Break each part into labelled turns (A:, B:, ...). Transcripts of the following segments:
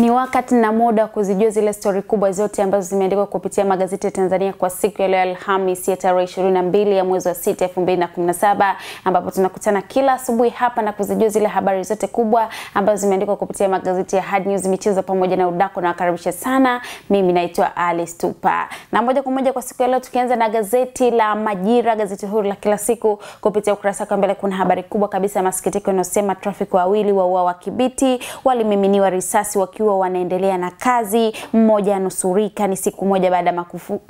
A: Ni wakati na muda kuzijua zile stori kubwa zote ambazo zimeandikwa kupitia magazeti ya Tanzania kwa siku ya leo Alhamisi ya tarehe 22 ya mwezi wa 6 2017, ambapo tunakutana kila asubuhi hapa na kuzijua zile habari zote kubwa ambazo zimeandikwa kupitia magazeti ya Hard News, michezo pamoja na udako. Nawakaribisha sana, mimi naitwa Alice Tupa, na moja kwa moja kwa siku ya leo tukianza na gazeti la Majira, gazeti huru la kila siku. Kupitia ukurasa wa mbele kuna habari kubwa kabisa ya masikitiko inayosema trafiki wawili wauawa Kibiti, walimiminiwa risasi wakiwa wakiwa wanaendelea na kazi, mmoja anusurika. Ni siku moja baada ya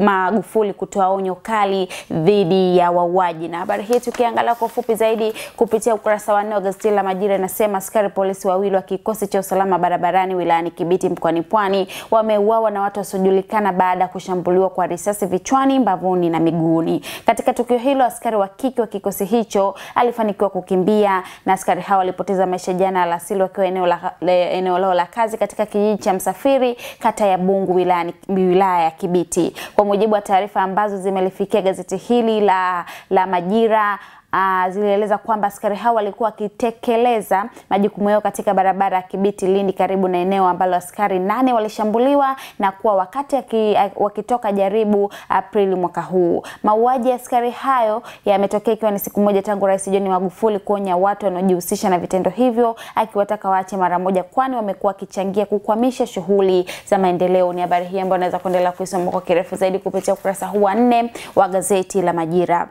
A: Magufuli kutoa onyo kali dhidi ya wauaji. Na habari hii tukiangalia kwa ufupi zaidi kupitia ukurasa wa nne wa gazeti la Majira inasema askari polisi wawili wa kikosi cha usalama barabarani wilayani Kibiti mkoani Pwani wameuawa na watu wasiojulikana baada ya kushambuliwa kwa risasi vichwani, mbavuni na miguuni. Katika tukio hilo, askari wa kike wa kikosi hicho alifanikiwa kukimbia na askari hao walipoteza maisha jana alasiri wakiwa eneo la eneo la kazi katika katika kijiji cha Msafiri, kata ya Bungu, wilani, wilaya ya Kibiti. Kwa mujibu wa taarifa ambazo zimelifikia gazeti hili la, la Majira uh, zilieleza kwamba askari hao walikuwa wakitekeleza majukumu yao katika barabara ya Kibiti Lindi, karibu na eneo ambalo askari nane walishambuliwa na kuwa wakati ki, uh, wakitoka jaribu Aprili mwaka huu. Mauaji ya askari hayo yametokea ikiwa ni siku moja tangu Rais John Magufuli kuonya watu wanaojihusisha na vitendo hivyo, akiwataka waache mara moja, kwani wamekuwa wakichangia kukwamisha shughuli za maendeleo. Ni habari hii ambayo unaweza kuendelea kuisoma kwa kirefu zaidi kupitia ukurasa huu wa nne wa gazeti la Majira.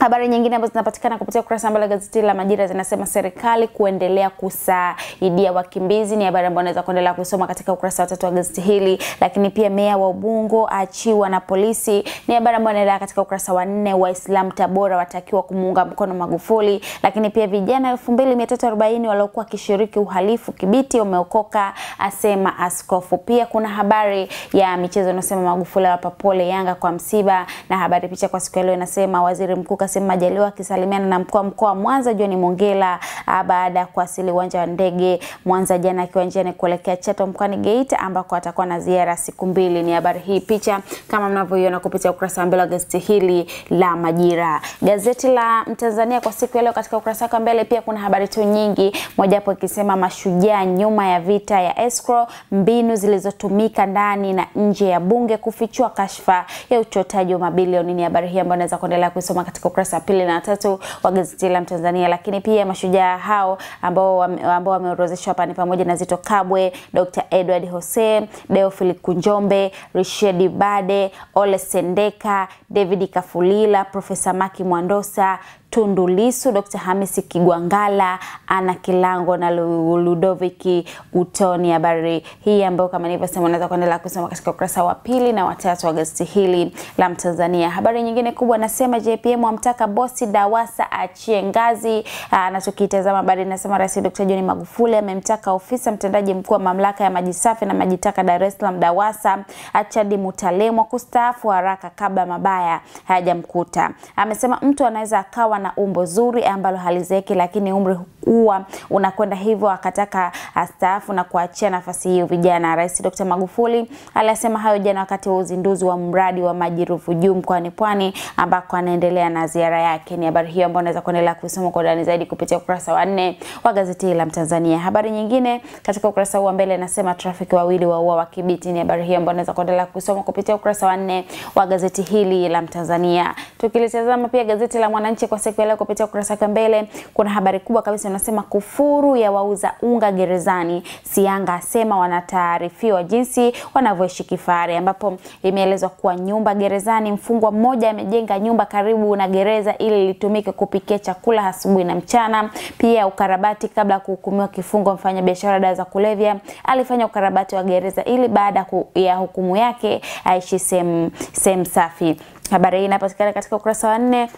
A: Habari nyingine ambazo zinapatikana kupitia ukurasa mbele gazeti la Majira zinasema serikali kuendelea kusaidia wakimbizi. Ni habari ambayo unaweza kuendelea kusoma katika ukurasa wa tatu wa gazeti hili, lakini pia meya wa Ubungo achiwa na polisi. Ni habari ambayo inaendelea katika ukurasa wa nne. Waislamu Tabora watakiwa kumuunga mkono Magufuli, lakini pia vijana 2340 waliokuwa wakishiriki uhalifu Kibiti wameokoka, asema askofu. Pia kuna habari ya michezo inasema Magufuli awapa pole Yanga kwa msiba, na habari picha kwa siku ya leo inasema waziri mkuu Kassim Majaliwa akisalimiana na mkuu wa mkoa wa Mwanza John Mongela ah, baada ya kuwasili uwanja wa ndege Mwanza jana akiwa njiani kuelekea Chato mkoani Geita ambako atakuwa na ziara siku mbili. Ni habari hii picha kama mnavyoiona kupitia ukurasa wa mbele wa gazeti hili la Majira. Gazeti la Mtanzania kwa siku ya leo katika ukurasa wake mbele pia kuna habari tu nyingi, mojawapo ikisema mashujaa nyuma ya vita ya escrow, mbinu zilizotumika ndani na nje ya bunge kufichua kashfa ya uchotaji wa mabilioni. Ni habari hii ambayo naweza kuendelea kusoma katika ukurasa wa pili na tatu wa gazeti la Mtanzania. Lakini pia mashujaa hao ambao ambao wameorodheshwa hapa ni pamoja na Zito Kabwe, Dr. Edward Hosea, Deophili Kunjombe, Rishedi Bade, Ole Sendeka, David Kafulila, Profesa Maki Mwandosa, Tundu Lisu, Dr. Hamisi Kigwangala, Ana Kilango na Ludoviki Utoni. Habari hii ambayo kama nilivyosema unaweza kuendelea kusoma katika ukurasa wa pili na watatu wa gazeti hili la Mtanzania. Habari nyingine kubwa nasema JPM amtaka bosi Dawasa achie ngazi. Anachokitazama ah, habari nasema Rais Dr. John Magufuli amemtaka ofisa mtendaji mkuu wa mamlaka ya maji safi na maji taka Dar es Salaam DAWASA Achadi Mutalemwa kustaafu haraka kabla mabaya hayajamkuta. Amesema mtu anaweza akawa na umbo zuri ambalo halizeki, lakini umri huwa unakwenda hivyo, akataka astaafu na kuachia nafasi hiyo vijana. Rais Dr. Magufuli alisema hayo jana wakati wa uzinduzi wa mradi wa maji Ruvu Juu mkoani Pwani ambako anaendelea na ziara yake. Ni habari hiyo ambayo unaweza kuendelea kusoma kwa undani zaidi kupitia ukurasa wa nne wa gazeti la Mtanzania. Habari nyingine katika ukurasa huu wa mbele inasema matrafiki wawili waua Wakibiti. Ni habari hiyo ambayo unaweza kuendelea kusoma kupitia ukurasa wa nne wa gazeti hili la Mtanzania. Tukilitazama pia gazeti la Mwananchi kwa siku ya leo kupitia ukurasa wake mbele, kuna habari kubwa kabisa inasema kufuru ya wauza unga gerezani. Sianga asema wanataarifiwa jinsi wanavyoishi kifahari, ambapo imeelezwa kuwa nyumba gerezani, mfungwa mmoja amejenga nyumba karibu na gereza ili litumike kupikia chakula asubuhi na mchana. Pia ukarabati kabla ya kuhukumiwa kifungo, mfanyabiashara dawa za kulevya alifanya kufanya ukarabati wa gereza ili baada ya hukumu yake aishi sehemu safi. Habari hii inapatikana katika ukurasa wa nne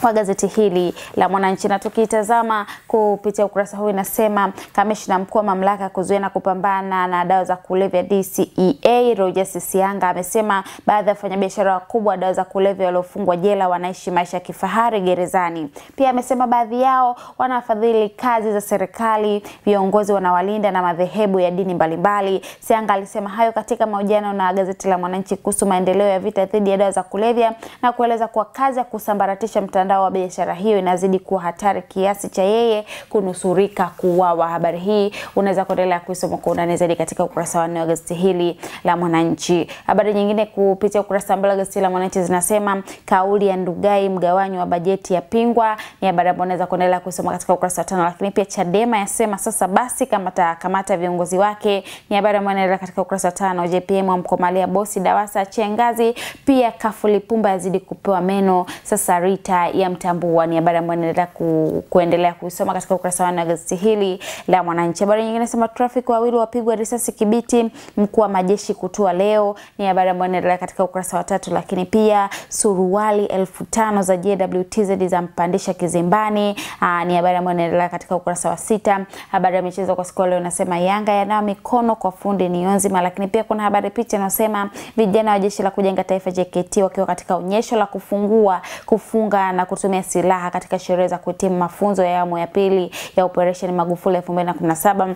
A: kwa gazeti hili la Mwananchi, na tukitazama kupitia ukurasa huu inasema kamishna mkuu wa mamlaka ya kuzuia na kupambana na dawa za kulevya DCEA Roger Sianga amesema baadhi ya wafanyabiashara wakubwa wa dawa za kulevya waliofungwa jela wanaishi maisha ya kifahari gerezani. Pia amesema baadhi yao wanafadhili kazi za serikali, viongozi wanawalinda na madhehebu ya dini mbalimbali. Sianga alisema hayo katika mahojiano na gazeti la Mwananchi kuhusu maendeleo ya vita dhidi ya dawa za kulevya na kueleza kuwa kazi ya kusambaratisha mta mtandao wa biashara hiyo inazidi kuwa hatari kiasi cha yeye kunusurika kuuawa. Habari hii unaweza kuendelea kuisoma kwa undani zaidi katika ukurasa wa nne wa gazeti hili la Mwananchi. Habari nyingine kupitia ukurasa wa mbele wa gazeti la Mwananchi zinasema kauli ya Ndugai, mgawanyo wa bajeti ya pingwa, ni habari ambayo unaweza kuendelea kuisoma katika ukurasa wa tano. Lakini pia Chadema yasema sasa basi kama takamata viongozi wake, ni habari ambayo inaendelea katika ukurasa wa tano. JPM wamkomalia bosi Dawasa achie ngazi, pia Kafuli Pumba yazidi kupewa meno, sasa Rita ya Mtambua. Ni habari ambayo inaendelea ku, kuendelea kuisoma katika ukurasa wa gazeti hili la Mwananchi. Habari nyingine nasema trafiki wawili wapigwa risasi Kibiti, mkuu wa majeshi kutua leo. Ni habari ambayo inaendelea katika ukurasa wa tatu, lakini pia suruali elfu tano za JWTZ za mpandisha kizimbani. Aa, ni habari ambayo inaendelea katika ukurasa wa sita. Habari ya michezo kwa siku leo inasema Yanga yanawa mikono kwa fundi ni Niyonzima, lakini pia kuna habari picha inasema vijana wa jeshi la kujenga taifa JKT wakiwa katika onyesho la kufungua kufunga na na kutumia silaha katika sherehe za kuhitimu mafunzo ya awamu ya pili ya Operation Magufuli 2017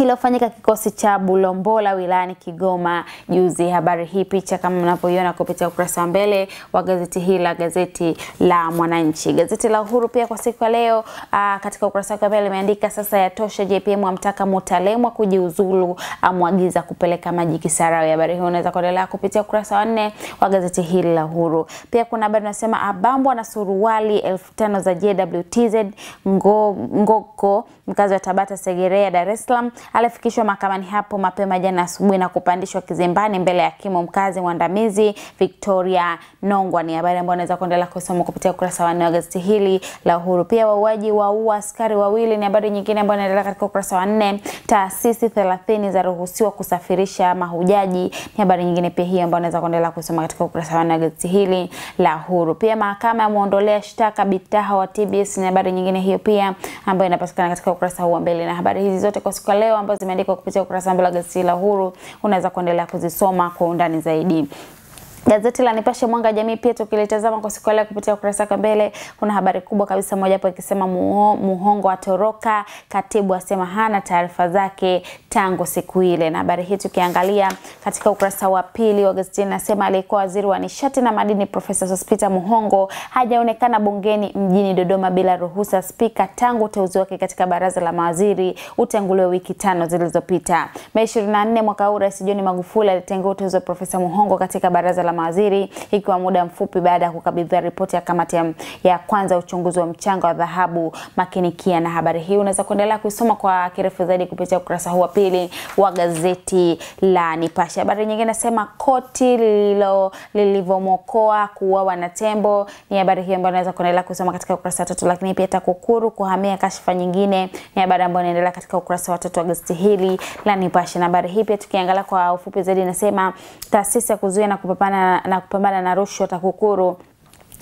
A: iliyofanyika kikosi cha Bulombola wilayani Kigoma juzi. Habari hii picha kama mnavyoiona kupitia ukurasa wa mbele wa gazeti hili la gazeti la Mwananchi. Gazeti la Uhuru pia kwa siku ya leo aa, ah, katika ukurasa wake wa mbele limeandika sasa yatosha, JPM amtaka Mutalemwa kujiuzulu, amwagiza kupeleka maji Kisarawe. Habari hii unaweza kuendelea kupitia ukurasa wa nne wa gazeti hili la Uhuru. Pia kuna habari nasema abambwa na suruali elfu tano za JWTZ Ngoko, mkazi wa Tabata Segerea, Dar es Salaam alifikishwa mahakamani hapo mapema jana asubuhi na kupandishwa kizimbani mbele ya hakimu mkazi mwandamizi Victoria Nongwa. Ni habari ambayo unaweza kuendelea kusoma kupitia ukurasa wa nne wa gazeti hili la Uhuru. Pia wauaji waua askari wawili ni habari nyingine ambayo inaendelea katika ukurasa wa nne. Taasisi 30 zaruhusiwa kusafirisha mahujaji ni habari nyingine pia hiyo ambayo unaweza kuendelea kusoma katika ukurasa wa nne wa gazeti hili la Uhuru. Pia mahakama yamuondolea shtaka Bitaha wa TBS ni habari nyingine hiyo pia ambayo inapatikana katika ukurasa huu wa mbele, na habari hizi zote kwa siku ya leo leo ambazo zimeandikwa kupitia ukurasa wa mbele wa gazeti la Uhuru, unaweza kuendelea kuzisoma kwa undani zaidi. Gazeti la Nipashe Mwanga Jamii pia tukilitazama kwa siku ya leo kupitia ukurasa wa mbele, kuna habari kubwa kabisa moja hapo ikisema muho, Muhongo atoroka, katibu asema hana taarifa zake tangu siku ile. Na habari hii tukiangalia katika ukurasa wa pili wa gazeti linasema aliyekuwa waziri wa nishati na madini Profesa Sospeter Muhongo hajaonekana bungeni mjini Dodoma bila ruhusa spika tangu uteuzi wake katika baraza la mawaziri utenguliwe wiki tano zilizopita. Mei 24 mwaka huu Rais John Magufuli alitengua uteuzi wa Profesa Muhongo katika baraza la mawaziri, ikiwa muda mfupi baada ya kukabidhiwa ripoti ya kamati ya kwanza uchunguzi wa mchanga wa dhahabu makinikia. Na habari hii unaweza kuendelea kusoma kwa kirefu zaidi kupitia ukurasa huu wa pili wa gazeti la Nipashe. Habari nyingine nasema koti lililo lilivyomokoa kuuawa na tembo, ni habari hiyo ambayo unaweza kuendelea kusoma katika ukurasa wa tatu, lakini pia TAKUKURU kuhamia kashfa nyingine ni habari ambayo inaendelea katika ukurasa wa tatu wa gazeti hili la Nipashe. Na habari hii pia tukiangalia kwa ufupi zaidi, nasema taasisi ya kuzuia na kupambana na, kupambana na rushwa TAKUKURU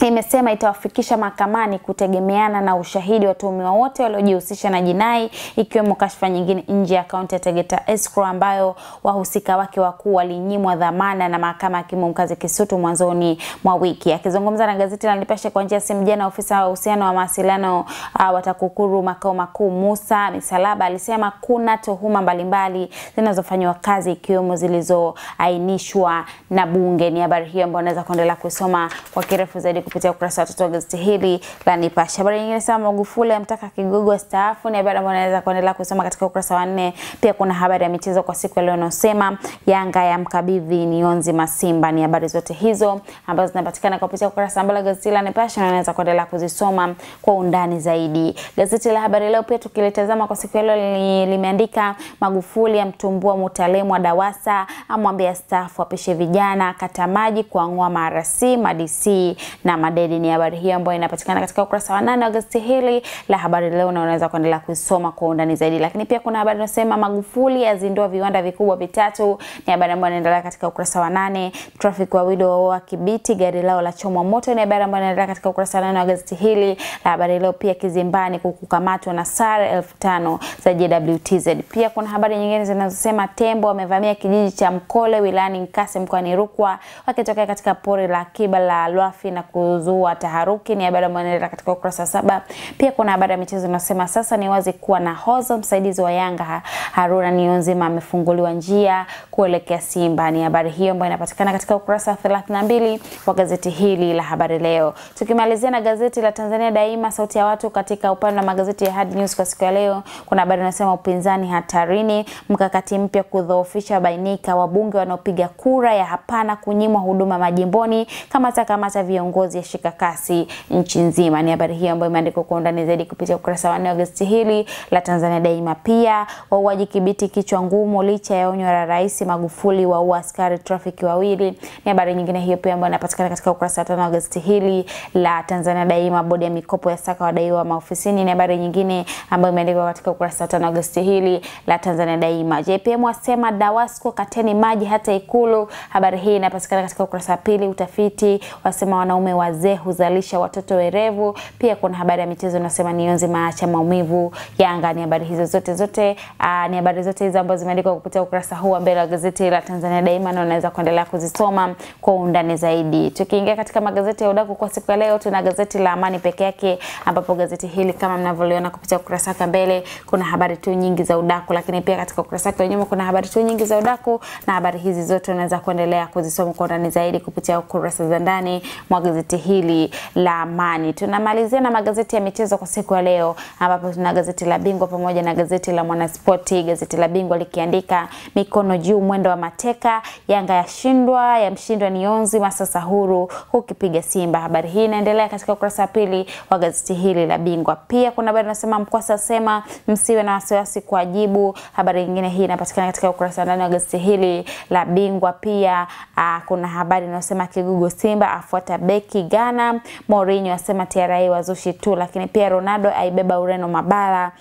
A: imesema itawafikisha mahakamani kutegemeana na ushahidi watuhumiwa wote waliojihusisha na jinai ikiwemo kashfa nyingine nje ya kaunti ya Tegeta Escrow ambayo wahusika wake wakuu walinyimwa dhamana na mahakama ya hakimu mkazi Kisutu mwanzoni mwa wiki. Akizungumza na gazeti la Nipashe kwa njia ya simu jana, ofisa wa uhusiano wa mawasiliano uh, wa TAKUKURU makao makuu Musa Misalaba alisema kuna tuhuma mbalimbali zinazofanywa kazi ikiwemo zilizoainishwa na bunge. Ni habari hiyo ambayo unaweza kuendelea kusoma kwa kirefu zaidi kupitia ukurasa wa tatu wa gazeti hili la Nipashe. Habari nyingine sema Magufuli amtaka Kigogo staafu, ni habari ambayo unaweza kuendelea kusoma katika ukurasa wa nne. Pia kuna habari ya michezo kwa siku leo inayosema Yanga ya mkabidhi Nionzi Masimba. Ni habari zote hizo ambazo zinapatikana kupitia ukurasa wa mbele gazeti la Nipashe, na unaweza kuendelea kuzisoma kwa undani zaidi. Gazeti la Habari Leo pia tukilitazama kwa siku leo li, limeandika Magufuli amtumbua wa DAWASA, amwambia staafu apishe vijana, kata maji kuang'oa marasi madisi na na madeni. Ni habari hiyo ambayo inapatikana katika ukurasa wa nane wa gazeti hili la Habari Leo, na unaweza kuendelea kuisoma kwa undani zaidi. Lakini pia kuna habari inasema Magufuli azindua viwanda vikubwa vitatu, ni habari ambayo inaendelea katika ukurasa wa nane. wa wawili wa Kibiti, gari lao la chomwa moto, ni habari ambayo inaendelea katika ukurasa wa nane wa gazeti hili la Habari Leo. Pia kizimbani kukamatwa na sare elfu tano za JWTZ. Pia kuna habari nyingine zinazosema tembo wamevamia kijiji cha Mkole wilayani Nkasi mkoani Rukwa wakitokea katika pori la akiba la Lwafi na ku kuzua taharuki. Ni habari ambayo inaendelea katika ukurasa saba. Pia kuna habari ya michezo inasema sasa ni wazi kuwa nahodha msaidizi wa Yanga Haruna Niyonzima amefunguliwa njia kuelekea Simba. Ni habari hiyo ambayo inapatikana katika ukurasa wa 32 wa gazeti hili la Habari Leo. Tukimalizia na gazeti la Tanzania Daima, sauti ya watu, katika upande wa magazeti ya Hard News kwa siku ya leo, kuna habari inasema upinzani hatarini, mkakati mpya kudhoofisha bainika, wabunge wanaopiga kura ya hapana kunyimwa huduma majimboni, kama kamata kamata viongozi ziyashika kasi nchi nzima. Ni habari hiyo ambayo imeandikwa kwa undani zaidi kupitia ukurasa wa nne wa gazeti hili la Tanzania Daima. Pia wauaji Kibiti kichwa ngumu licha ya onyo la Rais Magufuli wa askari trafiki wawili. Ni habari nyingine hiyo pia ambayo inapatikana katika ukurasa wa tano wa gazeti hili la Tanzania Daima. Bodi ya mikopo ya saka wadaiwa maofisini, ni habari nyingine ambayo imeandikwa katika ukurasa wa tano wa gazeti hili la Tanzania Daima. JPM wasema DAWASCO kateni maji hata Ikulu. Habari hii inapatikana katika ukurasa wa pili. Utafiti wasema wanaume wa wazee huzalisha watoto werevu. Pia kuna habari ya michezo inasema Niyonzi maacha maumivu Yanga. Ni habari hizo zote zote, uh, ni habari zote hizo ambazo zimeandikwa kupitia ukurasa huu wa mbele wa gazeti la Tanzania Daima, na unaweza kuendelea kuzisoma kwa undani zaidi. Tukiingia katika magazeti ya udaku kwa siku ya leo, tuna gazeti la Amani peke yake, ambapo gazeti hili kama mnavyoliona kupitia ukurasa wake mbele kuna habari tu nyingi za udaku, lakini pia katika ukurasa wake wa nyuma kuna habari tu nyingi za udaku, na habari hizi zote unaweza kuendelea kuzisoma kwa undani zaidi kupitia ukurasa za ndani mwa gazeti gazeti hili la Amani. Tunamalizia na magazeti ya michezo kwa siku ya leo, ambapo tuna gazeti la Bingwa pamoja na gazeti la Mwanaspoti. Gazeti la Bingwa likiandika mikono juu, mwendo wa mateka, Yanga yashindwa, yamshindwa Nionzi, Masasa huru hukipiga Simba. Habari hii inaendelea katika ukurasa wa pili wa gazeti hili la Bingwa. Pia kuna habari inasema Mkwasa asema msiwe na wasiwasi kwa jibu. Habari nyingine hii inapatikana katika ukurasa wa ndani wa gazeti hili la Bingwa. Pia aa, ah, kuna habari inayosema Kigugu Simba afuata beki Ghana. Mourinho asema TRA wazushi tu, lakini pia Ronaldo aibeba Ureno mabara.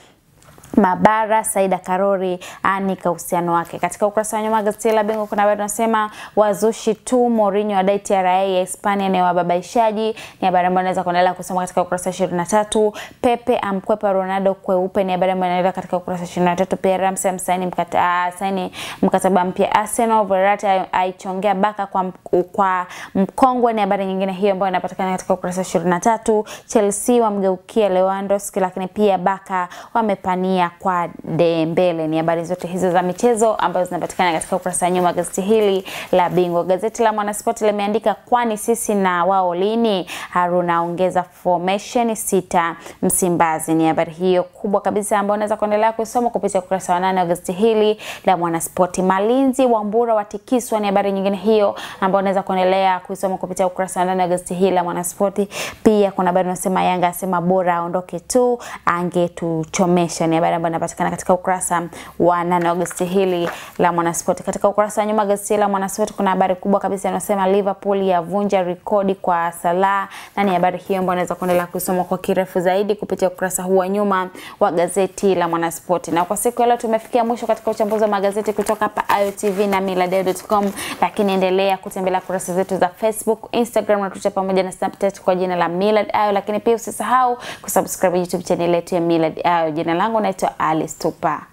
A: Mabara Saida Karori anika uhusiano wake. Katika ukurasa wa nyuma gazeti la Bingo kuna habari nasema wazushi tu Mourinho adai TRA ya Hispania ni wababaishaji. Ni habari ambayo naweza kuendelea kusoma katika ukurasa wa 23. Pepe amkwepa Ronaldo kweupe ni habari ambayo naendelea katika ukurasa wa 23. Pia Ramsey amsaini mkata, uh, saini mkataba mpya Arsenal. Verratti aichongea Baka kwa, kwa mkongwe ni habari nyingine hiyo ambayo inapatikana katika ukurasa wa 23. Chelsea wamgeukia Lewandowski, lakini pia Baka wamepania ya kwa de mbele Ni habari zote hizo za michezo ambazo zinapatikana katika ukurasa wa nyuma gazeti hili la Bingwa. Gazeti la Mwanasport limeandika kwani sisi na wao lini, Haruna ongeza formation sita Msimbazi. Ni habari hiyo kubwa kabisa ambayo unaweza kuendelea kusoma kupitia ukurasa wa nane wa gazeti hili la Mwanasport. Malinzi wa Mbura watikiswa, ni habari nyingine hiyo ambayo unaweza kuendelea kusoma kupitia ukurasa wa nane wa gazeti hili la Mwanasport. Pia kuna habari inasema Yanga asema bora aondoke tu angetuchomesha, ni habari habari ambayo inapatikana katika ukurasa wa 8 wa gazeti hili la Mwanasport. Katika ukurasa wa nyuma gazeti la Mwanasport kuna habari kubwa kabisa inasema Liverpool yavunja rekodi kwa Salah, na ni habari hiyo ambayo unaweza kuendelea kusoma kwa kirefu zaidi kupitia ukurasa huu wa nyuma wa gazeti la Mwanasport. Na kwa siku ya leo tumefikia mwisho katika uchambuzi wa magazeti kutoka hapa Ayo na millardayo.com, lakini endelea kutembelea kurasa zetu za Facebook, Instagram na Twitter pamoja na Snapchat kwa jina la Millard Ayo, lakini pia usisahau kusubscribe YouTube channel yetu ya Millard Ayo. Jina langu naitwa Dr. Alice Topa.